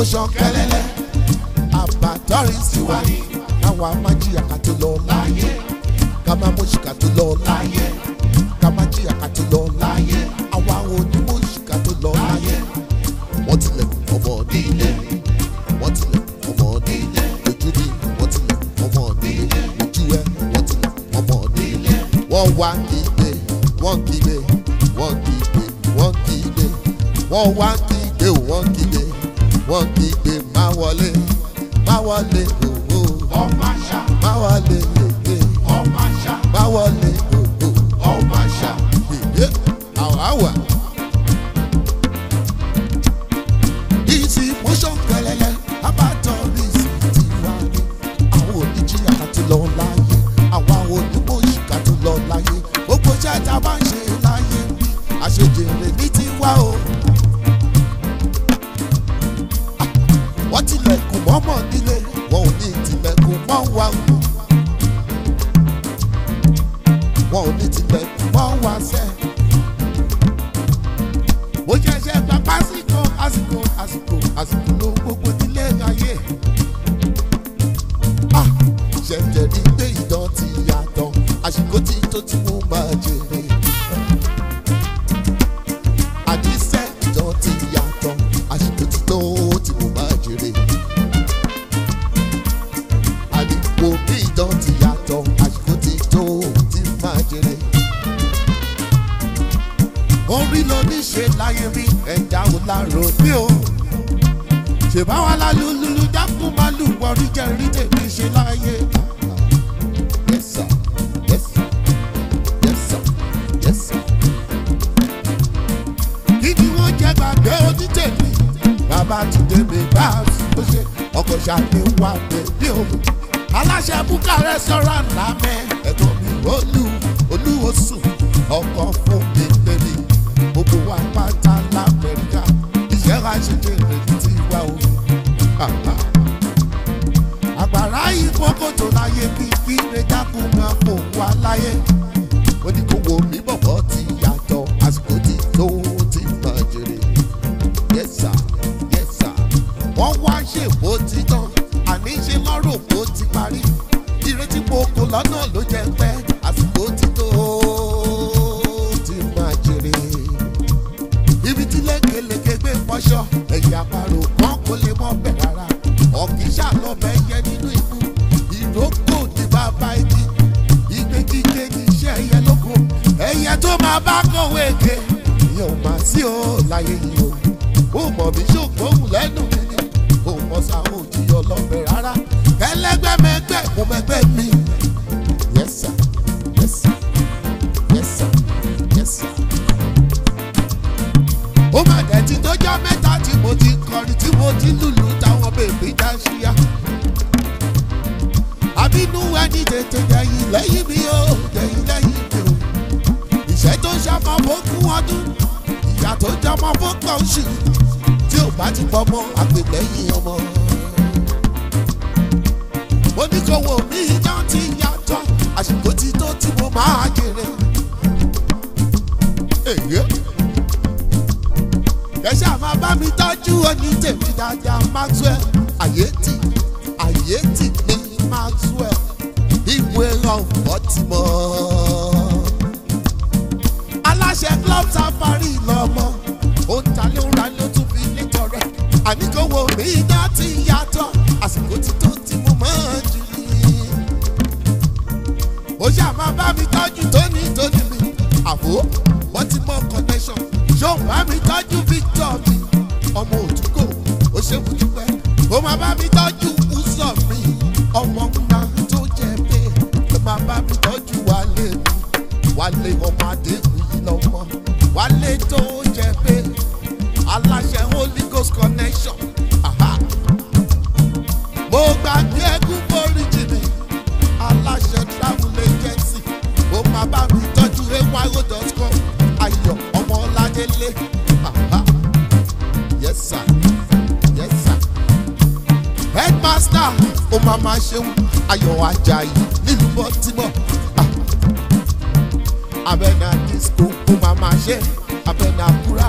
ó ṣàn kẹlẹlẹ àbátọ́rin sì wá ní káwa máa jìyà ká tó lọ láyé ká máa mú ṣìkà tó lọ láyé ká máa jìyà ká tó lọ láyé àwa ò ní mú ṣìkà tó lọ láyé wọ́n tilẹ̀ ọmọ nílé wọ́n tilẹ̀ ọmọ nílé ojú mi wọ́n tilẹ̀ ọmọ nílé ojú ẹ wọ́n tilẹ̀ ọmọ nílé wọ́n wá kígbe wọ́n kígbe wọ́n kígbe wọ́n kígbe wọ́n wá kígbe wọ́n kígbe wọ́n kígbe má wọlé má wọlé òwò má wọlé. wo bí ti yàtọ̀ àsìkò ti tó ti máa jèrè. orí ló ní ṣe láyé rí ẹ̀dá ò lárò bí o. ṣèbáwá lálùlùlù dákun máa lù wọrí jẹ́ rí tèmi ṣe láyé. Yes sir, yes sir, yes sir, yes sir. kí ni ti dèbè bá a ṣe ọkọ̀ ṣàlẹ̀ wà pẹ̀lú aláṣẹ búkà restaurant lámẹ́ ẹ̀gbọ́n mi olú olúwosù ọkọ̀ fún mi bẹ́ẹ̀ni gbogbo wa pátá lámẹ́ríkà ìyẹ́ra ṣe kéré ti wá o. àgbàrá ìkókòtò láyé kí kí lè máa fò wá láyé. ọbẹ̀ jẹ nínú ikú ìdókò ní bàbá ìdí ìgbèjì kejì iṣẹ́ ẹyẹ lóko ẹyẹ tó máa bá kọ̀wé èké ìyẹn ò máa sí ọ láyé yìí o ó mọ̀ mí ṣògbóhùn lẹ́nu mi ni kò mọ̀ sáà ó jiyàn lọ́fẹ̀ẹ́ rárá ẹlẹ́gbẹ́mẹgbẹ́ mo mẹgbẹ́ mi. tó jẹyìn lẹ́yìn mi o jẹyìn lẹ́yìn mi o ìṣẹ́ tó ṣàmọ́ fókun ọdún ìyá tó jọmọ fókun oṣù tí ò bá ti pọ̀ mọ́ ọmọ. mo ní kò wò mí ijó ti yàtọ̀ àsìkò ti tó tí mo máa jèrè. ẹ ṣáà bá mi tọ́jú onítẹ̀mí dáadáa maxwell àyè tì àyè tì ní maxwell kan ọtí mọ́. aláṣẹ club safari lọ́mọ òun ta ló ń ra ló tún fi létọ rẹ àníkòwò mi dá ti yàtọ̀ àsìkò ti tó tí mo máa jù ní. ó ṣáà máa bá mi tọ́jú tóní tóní mi àbó wọ́n ti mọ connection yóò bá mi tọ́jú Victor mi ọmọ òtúkò ó ṣe kú dúpẹ́ ó máa bá mi tọ́jú wálé ọmọ adékun yìí lọ́mọ wálé tó jẹ pé aláṣẹ holy ghost connection aha mo gbàgbé ẹkún forí jìnnì aláṣẹ travel agency ó máa bá mi tọ́jú ayo.com ayọ̀ ọmọ ọládélé aha yes sir yes sir headmaster ó máa máa ṣeun ayọ̀ ajayi nílùú baltimore. abẹ́ na disco ó máa máa ṣe abẹ́ na kúrà.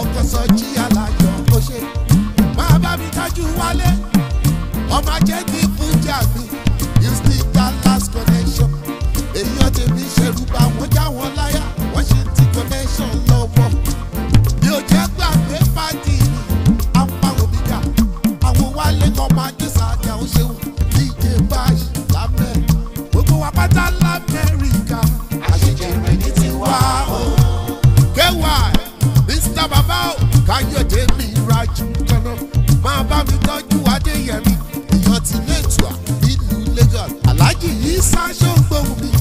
ọkọ Sọjí Aláyọ̀ ó ṣe bàbá mi tájú wálé ọmọ jẹ́ ti fújà mi you still got last connection èèyàn tèmi ṣerú bá wọn já wọn láyà. báyọ̀dé mi rajú kaná máa bá mi tọ́jú adéyẹmí èèyàn ti lẹ́tùá nílùú Lagos aláàjì yìí sá ń gbóhùn mi.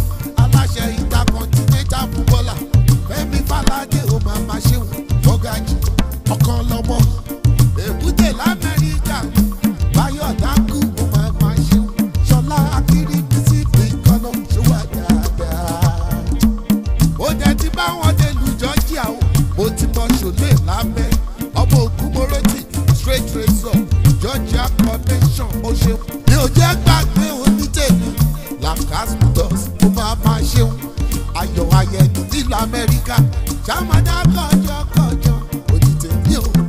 ṣàmọ̀dá kọjọ kọjọ òjìjì ní ọ̀rọ̀.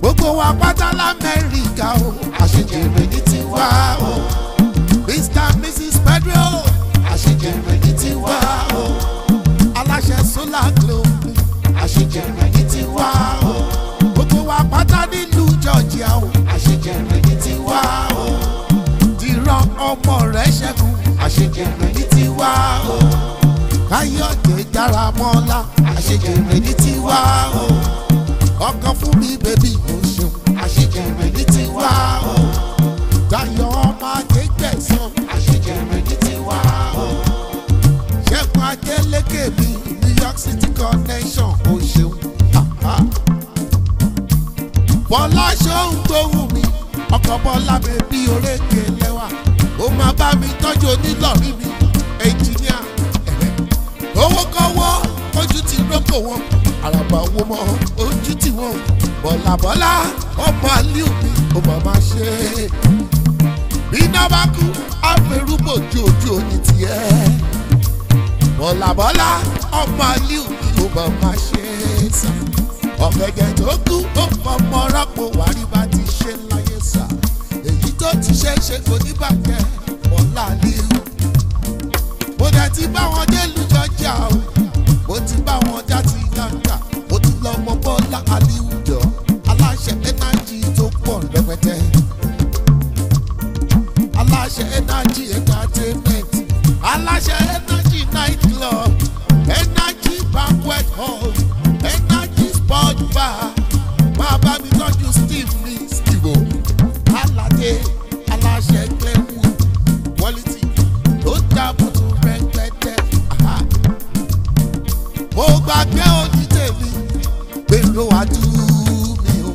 gbogbo wa pátá lamẹ́ríkà o àṣejèrè Pedro àṣejèrè ní tiwa o aláṣẹ solar globe àṣejèrè ní tiwa o gbogbo wa pátá nílùú Georgia o àṣejèrè. bọ́lá ṣóun gbóhùn mi ọkọ̀ bọ́lá mi bí orékè lẹ́wà ó máa bá mi tọ́jú onílọ̀rí mi ẹnjìníà ẹ̀rẹ́ owó kọ́wọ́ ojú ti rọ́pò wọn àràbà owó mọ́ ojú ti wọn bọ́lá bọ́lá ọmọ aliu mi ó máa máa ṣe é bí náà bá kú àfẹrúbò ju ojú oní tiẹ̀ bọ́lá bọ́lá ọmọ aliu mi ó máa máa ṣe é sàn ọ̀gẹ̀gẹ̀ tó kú ó fọmọ rápò wárí bá ti ṣe láyé sà èyí tó ti ṣe é ṣe kò ní bàjẹ́ ọ̀la lílu mo dẹ̀ ti bá wọn délùú jọjà o mo ti bá wọn já ti gàǹgà mo ti lọ mọ bọ́lá àlíwò. mo gbàgbé ojú tèmi gbèrò wájú mi o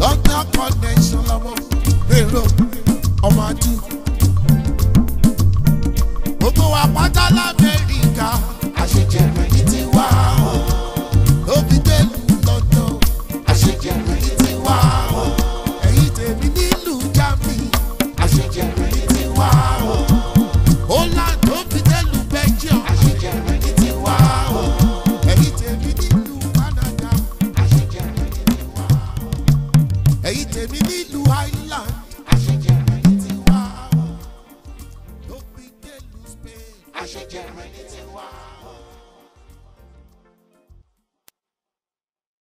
lọ́gbọ́n connection lọ́wọ́ gbèrò ọmọ ajú. gbogbo wa pátá lamẹ́ríkà àṣejẹ̀rẹ̀ ní tiwa o lóbi gbèlú lọ́dọ̀ àṣejẹ̀rẹ̀ ní tiwa o ẹ̀yìn tèmi nílùú jámi àṣejẹ̀rẹ̀.